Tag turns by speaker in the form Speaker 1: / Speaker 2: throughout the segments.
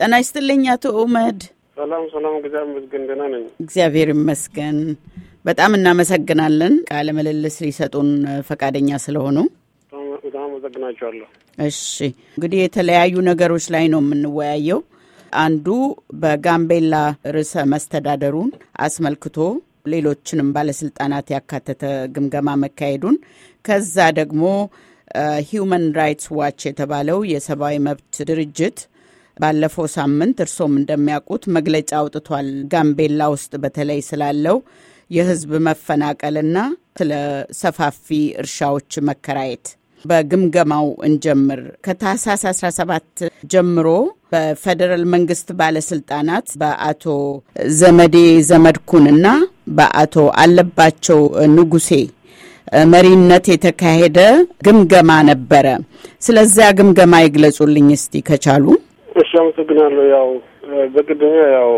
Speaker 1: ጤና ይስጥልኝ አቶ ኡመድ።
Speaker 2: ሰላም ሰላም፣ እግዚአብሔር ይመስገን ደህና ነኝ።
Speaker 1: እግዚአብሔር ይመስገን። በጣም እናመሰግናለን ቃለ ምልልስ ሊሰጡን ፈቃደኛ ስለሆኑ
Speaker 2: በጣም አመሰግናቸዋለሁ።
Speaker 1: እሺ እንግዲህ የተለያዩ ነገሮች ላይ ነው የምንወያየው። አንዱ በጋምቤላ ርዕሰ መስተዳደሩን አስመልክቶ ሌሎችንም ባለስልጣናት ያካተተ ግምገማ መካሄዱን ከዛ ደግሞ ሂዩማን ራይትስ ዋች የተባለው የሰብአዊ መብት ድርጅት ባለፈው ሳምንት እርሶም እንደሚያውቁት መግለጫ አውጥቷል። ጋምቤላ ውስጥ በተለይ ስላለው የህዝብ መፈናቀልና ስለ ሰፋፊ እርሻዎች መከራየት በግምገማው እንጀምር። ከታህሳስ 17 ጀምሮ በፌዴራል መንግስት ባለስልጣናት በአቶ ዘመዴ ዘመድኩንና በአቶ አለባቸው ንጉሴ መሪነት የተካሄደ ግምገማ ነበረ። ስለዚያ ግምገማ ይግለጹልኝ እስቲ ከቻሉ።
Speaker 2: እሺ አመሰግናለሁ። ያው በቅድሚያ ያው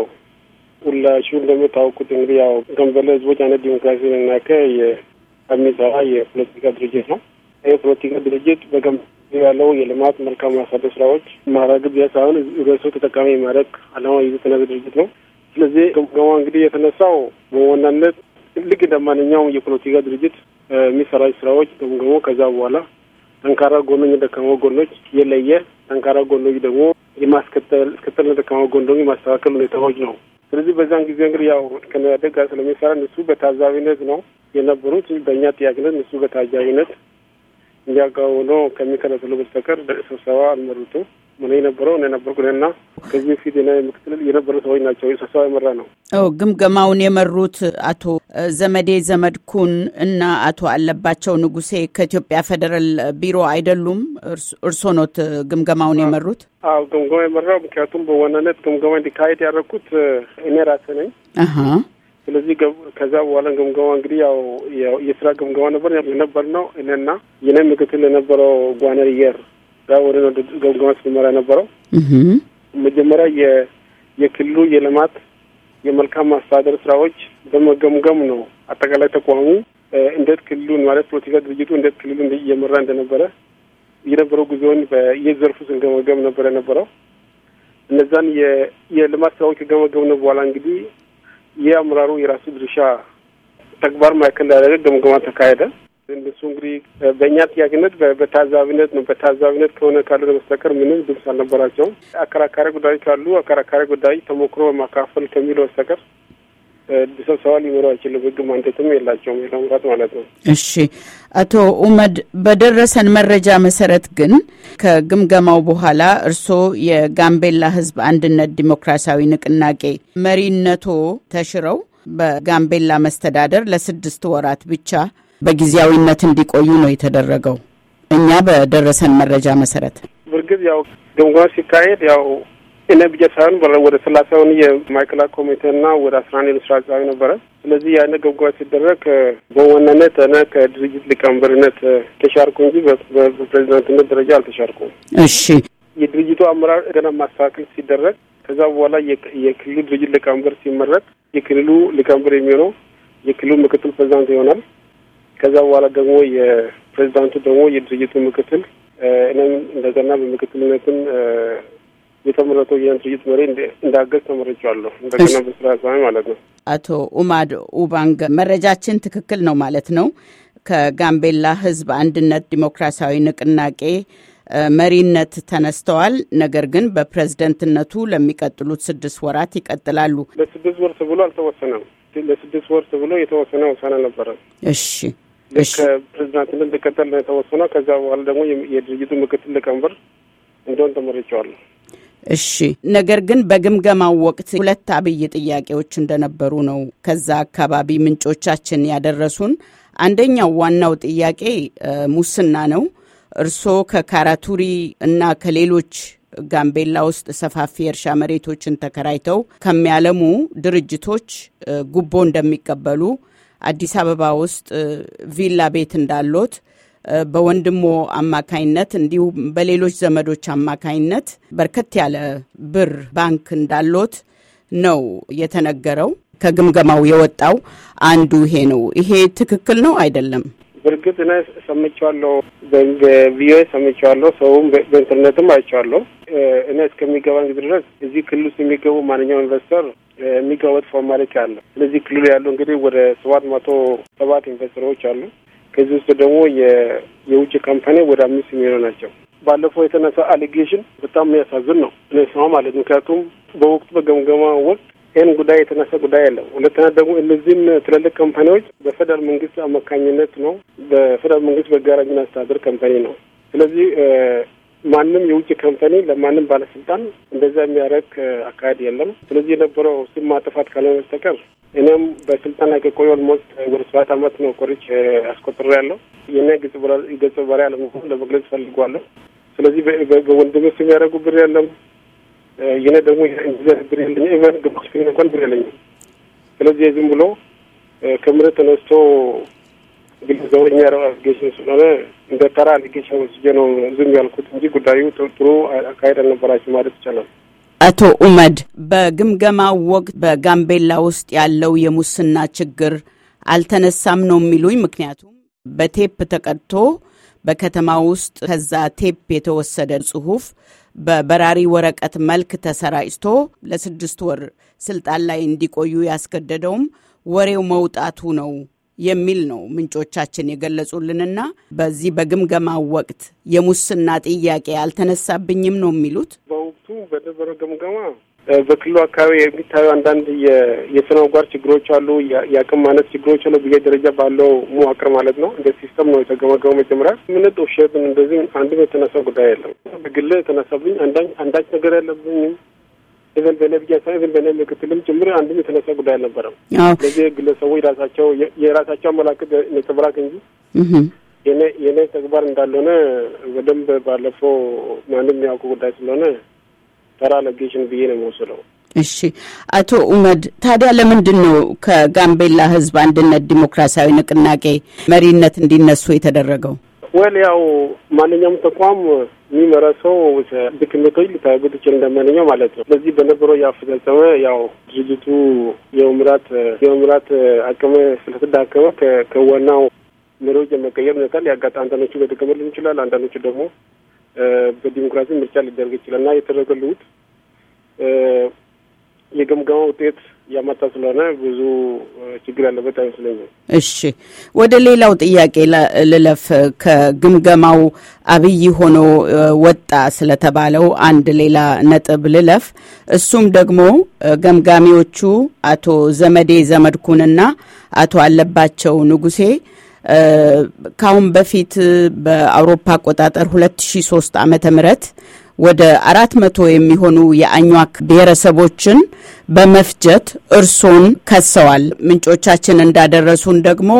Speaker 2: ሁላችሁ እንደምታውቁት እንግዲህ ያው ገንበለ ህዝቦች አንድነት ዲሞክራሲ ንቅናቄ የሚሰራ የፖለቲካ ድርጅት ነው። ይህ ፖለቲካ ድርጅት በጋምቤላ ያለው የልማት መልካም ማሳደር ስራዎች ማራግብ ብቻ ሳይሆን ህብረተሰቡ ተጠቃሚ ማድረግ አላማ ይዘትነት ድርጅት ነው። ስለዚህ ግምገማ እንግዲህ የተነሳው በዋናነት ልክ እንደ ማንኛውም የፖለቲካ ድርጅት የሚሰራ ስራዎች ግምገማ ከዛ በኋላ ጠንካራ ጎኖች፣ ደካማ ጎኖች የለየ ጠንካራ ጎኖች ደግሞ የማስከተል እስከተል ከማጎን ደግሞ የማስተካከል ሁኔታዎች ነው። ስለዚህ በዛን ጊዜ እንግዲህ ያው ከኢህአዴግ ጋር ስለሚሰራ እሱ በታዛቢነት ነው የነበሩት። በእኛ ጥያቄነት እሱ በታዛቢነት እንዲያጋውሎ ከሚከለክሉ በስተቀር ስብሰባ አልመሩትም። ምን የነበረው እኔ ነበርኩና ከዚህ በፊት ና ምክትል የነበሩ ሰዎች ናቸው። ስብሰባ የመራ ነው
Speaker 1: ግምገማውን የመሩት አቶ ዘመዴ ዘመድኩን እና አቶ አለባቸው ንጉሴ ከኢትዮጵያ ፌዴራል ቢሮ አይደሉም? እርስዎ ኖት ግምገማውን የመሩት?
Speaker 2: አዎ ግምገማ የመራው ምክንያቱም በዋናነት ግምገማ እንዲካሄድ ያደረግኩት እኔ ራሴ ነኝ። ስለዚህ ከዛ በኋላ ግምገማ እንግዲህ ያው የስራ ግምገማ ነበር የነበር ነው እኔና የኔ ምክትል የነበረው ጓነር የር ስራ ወደ ገምግማ ሲመራ የነበረው መጀመሪያ የክልሉ የልማት የመልካም ማስተዳደር ስራዎች በመገምገም ነው። አጠቃላይ ተቋሙ እንዴት ክልሉን ማለት ፖለቲካ ድርጅቱ እንዴት ክልሉን እየመራ እንደነበረ የነበረው ጉዞውን በየዘርፉ ስንገመገም ነበር የነበረው። እነዛን የልማት ስራዎች ከገመገምነ በኋላ እንግዲህ የአመራሩ የራሱ ድርሻ ተግባር ማዕከል ያደረገ ገምገማ ተካሄደ። እነሱ እንግዲህ በእኛ ጥያቄነት በታዛቢነት ነው። በታዛቢነት ከሆነ ካሉ በስተቀር ምንም ድምፅ አልነበራቸውም። አከራካሪ ጉዳዮች አሉ። አከራካሪ ጉዳይ ተሞክሮ በማካፈል ከሚለው በስተቀር ስብሰባ ሊኖሩ አይችልም። ህግ ማንደትም የላቸውም ለመውጣት ማለት ነው።
Speaker 1: እሺ አቶ ኡመድ፣ በደረሰን መረጃ መሰረት ግን ከግምገማው በኋላ እርስዎ የጋምቤላ ህዝብ አንድነት ዲሞክራሲያዊ ንቅናቄ መሪነቶ ተሽረው በጋምቤላ መስተዳደር ለስድስት ወራት ብቻ በጊዜያዊነት እንዲቆዩ ነው የተደረገው። እኛ በደረሰን መረጃ መሰረት
Speaker 2: ብርግጥ ያው ግምገማ ሲካሄድ ያው እኔ ብቻ ሳይሆን ወደ ሰላሳ የሆኑ የማዕከላዊ ኮሚቴና ወደ አስራ አንድ የስራ ነበረ። ስለዚህ ያን ገብጓ ሲደረግ በዋናነት እኔ ከድርጅት ሊቀመንበርነት ተሻርኩ እንጂ በፕሬዚዳንትነት ደረጃ አልተሻርኩም። እሺ የድርጅቱ አመራር ገና ማስተካከል ሲደረግ ከዛ በኋላ የክልሉ ድርጅት ሊቀመንበር ሲመረጥ የክልሉ ሊቀመንበር የሚሆነው የክልሉ ምክትል ፕሬዚዳንት ይሆናል። ከዛ በኋላ ደግሞ የፕሬዚዳንቱ ደግሞ የድርጅቱ ምክትል እኔም እንደገና በምክትልነትም የተመረጠው ድርጅት መሪ እንዳገዝ ተመርጫለሁ። እንደገና በስራ ማለት ነው።
Speaker 1: አቶ ኡማድ ኡባንግ መረጃችን ትክክል ነው ማለት ነው። ከጋምቤላ ህዝብ አንድነት ዲሞክራሲያዊ ንቅናቄ መሪነት ተነስተዋል። ነገር ግን በፕሬዝደንትነቱ ለሚቀጥሉት ስድስት ወራት ይቀጥላሉ።
Speaker 2: ለስድስት ወር ተብሎ አልተወሰነም። ለስድስት ወር ተብሎ የተወሰነ ውሳኔ ነበረ። እሺ ፕሬዚዳንትነት ልቀጠል ተወስኖ ከዛ በኋላ ደግሞ የድርጅቱ ምክትል ሊቀመንበር እንደሆን ተመርጨዋል።
Speaker 1: እሺ። ነገር ግን በግምገማው ወቅት ሁለት አብይ ጥያቄዎች እንደነበሩ ነው ከዛ አካባቢ ምንጮቻችን ያደረሱን። አንደኛው ዋናው ጥያቄ ሙስና ነው። እርስዎ ከካራቱሪ እና ከሌሎች ጋምቤላ ውስጥ ሰፋፊ የእርሻ መሬቶችን ተከራይተው ከሚያለሙ ድርጅቶች ጉቦ እንደሚቀበሉ አዲስ አበባ ውስጥ ቪላ ቤት እንዳሎት በወንድሞ አማካይነት እንዲሁም በሌሎች ዘመዶች አማካይነት በርከት ያለ ብር ባንክ እንዳሎት ነው የተነገረው። ከግምገማው የወጣው አንዱ ይሄ ነው። ይሄ ትክክል ነው አይደለም?
Speaker 2: በእርግጥ ነ ሰምቼዋለሁ፣ በቪኦኤ ሰምቼዋለሁ፣ ሰውም በኢንተርኔትም አይቼዋለሁ። እኔ እስከሚገባኝ ድረስ እዚህ ክልል ውስጥ የሚገቡ ማንኛውም ኢንቨስተር የሚገወጥ ፎርማሊቲ አለ። ስለዚህ ክልሉ ያለው እንግዲህ ወደ ሰባት መቶ ሰባት ኢንቨስተሮች አሉ። ከዚህ ውስጥ ደግሞ የውጭ ካምፓኒ ወደ አምስት የሚሆኑ ናቸው። ባለፈው የተነሳ አሊጌሽን በጣም የሚያሳዝን ነው እነሰማ ማለት ምክንያቱም በወቅቱ በገምገማ ወቅት ይህን ጉዳይ የተነሳ ጉዳይ ያለው። ሁለተኛ ደግሞ እነዚህም ትልልቅ ካምፓኒዎች በፌደራል መንግስት አማካኝነት ነው። በፌደራል መንግስት በጋራ የሚያስተዳድር ካምፓኒ ነው። ስለዚህ ማንም የውጭ ከምፐኒ ለማንም ባለስልጣን እንደዛ የሚያደርግ አካሄድ የለም። ስለዚህ የነበረው ስም ማጥፋት ካለ በስተቀር እኔም በስልጣን ላይ ከቆየ ኦልሞስት ወደ ሰባት አመት ነው ቆርጬ ያለው የኔ ገጸ በሬ አለመሆን ለመግለጽ ፈልጓለሁ። ስለዚህ በወንድሜ ስም ያደረጉ ብር የለም። የኔ ደግሞ ዘር ብር የለኝም። ኢቨን ግማሽ እንኳን ብር የለኝም። ስለዚህ ዝም ብሎ ከምር ተነስቶ ስለሆነ እንደ ተራ ወስጄ ነው ዝም ያልኩት እንጂ ጉዳዩ ጥሩ አካሄድ አልነበራቸው ማለት ይቻላል።
Speaker 1: አቶ ኡመድ በግምገማው ወቅት በጋምቤላ ውስጥ ያለው የሙስና ችግር አልተነሳም ነው የሚሉኝ። ምክንያቱም በቴፕ ተቀድቶ በከተማ ውስጥ ከዛ ቴፕ የተወሰደ ጽሁፍ በበራሪ ወረቀት መልክ ተሰራጭቶ ለስድስት ወር ስልጣን ላይ እንዲቆዩ ያስገደደውም ወሬው መውጣቱ ነው የሚል ነው ምንጮቻችን የገለጹልንና በዚህ በግምገማ ወቅት የሙስና ጥያቄ አልተነሳብኝም ነው የሚሉት።
Speaker 2: በወቅቱ በተደረገ ግምገማ በክልሉ አካባቢ የሚታዩ አንዳንድ የስነጓር ችግሮች አሉ፣ የአቅም ማነት ችግሮች አሉ። ደረጃ ባለው መዋቅር ማለት ነው። እንደ ሲስተም ነው የተገመገመው። መጀመሪያ ምን ውሸት እንደዚህ አንድም የተነሳ ጉዳይ የለም። በግል የተነሳብኝ አንዳች ነገር ያለብኝም ኢቨን በእኔ ብቻ ሳይሆን ኢቨን በእኔ ምክትልም ጭምር አንድም የተነሳ ጉዳይ አልነበረም። ስለዚህ ግለሰቦች ራሳቸው የራሳቸው አመላክት ነጸብራቅ እንጂ የእኔ ተግባር እንዳልሆነ በደንብ ባለፈው ማንም ያውቁ ጉዳይ ስለሆነ ተራ ለጌሽን ብዬ ነው የምወስደው።
Speaker 1: እሺ አቶ ኡመድ ታዲያ ለምንድን ነው ከጋምቤላ ህዝብ አንድነት ዲሞክራሲያዊ ንቅናቄ መሪነት እንዲነሱ የተደረገው?
Speaker 2: ወል ያው ማንኛውም ተቋም የሚመራ ሰው ድክመቶች ሊታዩ ይችል እንደማንኛው ማለት ነው። በዚህ በነበረው ያፈጻጸመ ያው ድርጅቱ የመምራት የመምራት አቅም ስለተዳከመ ከዋናው መሪዎች የመቀየር ሁኔታ ሊያጋጥ አንዳንዶቹ በድክመት ሊሆን ይችላል። አንዳንዶቹ ደግሞ በዲሞክራሲ ምርጫ ሊደረግ ይችላል እና የተደረገ ልውጥ የግምገማ ውጤት እያመጣ ስለሆነ ብዙ ችግር ያለበት አይመስለኝም።
Speaker 1: እሺ ወደ ሌላው ጥያቄ ልለፍ። ከግምገማው አብይ ሆኖ ወጣ ስለተባለው አንድ ሌላ ነጥብ ልለፍ። እሱም ደግሞ ገምጋሚዎቹ አቶ ዘመዴ ዘመድኩንና አቶ አለባቸው ንጉሴ ካሁን በፊት በአውሮፓ አቆጣጠር 2003 ዓመተ ምህረት ወደ አራት መቶ የሚሆኑ የአኟክ ብሔረሰቦችን በመፍጀት እርሶን ከሰዋል። ምንጮቻችን እንዳደረሱን ደግሞ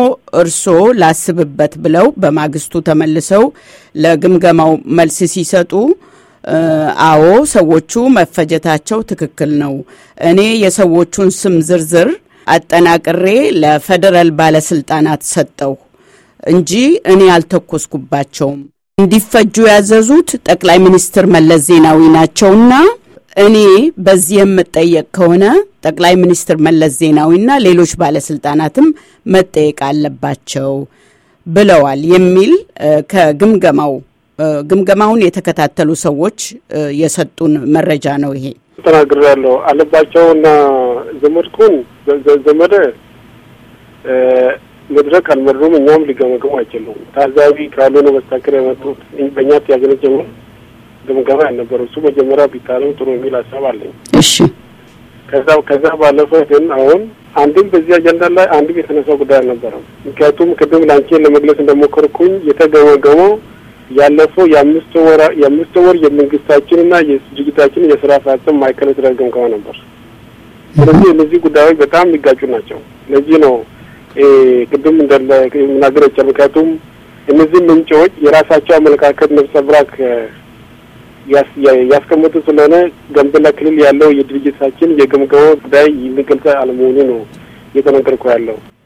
Speaker 1: እርሶ ላስብበት ብለው በማግስቱ ተመልሰው ለግምገማው መልስ ሲሰጡ አዎ ሰዎቹ መፈጀታቸው ትክክል ነው። እኔ የሰዎቹን ስም ዝርዝር አጠናቅሬ ለፌዴራል ባለስልጣናት ሰጠሁ እንጂ እኔ አልተኮስኩባቸውም። እንዲፈጁ ያዘዙት ጠቅላይ ሚኒስትር መለስ ዜናዊ ናቸውና እኔ በዚህ የምጠየቅ ከሆነ ጠቅላይ ሚኒስትር መለስ ዜናዊና ሌሎች ባለስልጣናትም መጠየቅ አለባቸው ብለዋል የሚል ከግምገማው ግምገማውን የተከታተሉ ሰዎች የሰጡን መረጃ ነው። ይሄ
Speaker 2: ያለው አለባቸውና ዘመድኩን ዘመደ መድረክ አልመሩም፣ እኛም ሊገመግሙ አይችሉም። ታዛቢ ካልሆነ በስተቀር የመጡት በእኛ ያገለጀሙ ግምገማ ያልነበረ እሱ መጀመሪያ ቢታረም ጥሩ የሚል ሀሳብ አለኝ። እሺ ከዛ ከዛ ባለፈ ግን አሁን አንድም በዚህ አጀንዳ ላይ አንድም የተነሳ ጉዳይ አልነበረም። ምክንያቱም ቅድም ላንቺን ለመግለጽ እንደሞከርኩኝ የተገመገመው ያለፈው የአምስት ወር የአምስት ወር የመንግስታችንና የድርጅታችንን የስራ አፈጻጸም ማዕከል ግምገማ ነበር። ስለዚህ እነዚህ ጉዳዮች በጣም የሚጋጩ ናቸው። ለዚህ ነው ቅድም እንዳለ ምናገር ምክንያቱም እነዚህ ምንጮች የራሳቸው አመለካከት ነብሰብራክ ያስቀመጡ ስለሆነ ጋምቤላ ክልል ያለው የድርጅታችን የግምገማ ጉዳይ የሚገልጸ አለመሆኑ ነው እየተነገርኩ ያለው።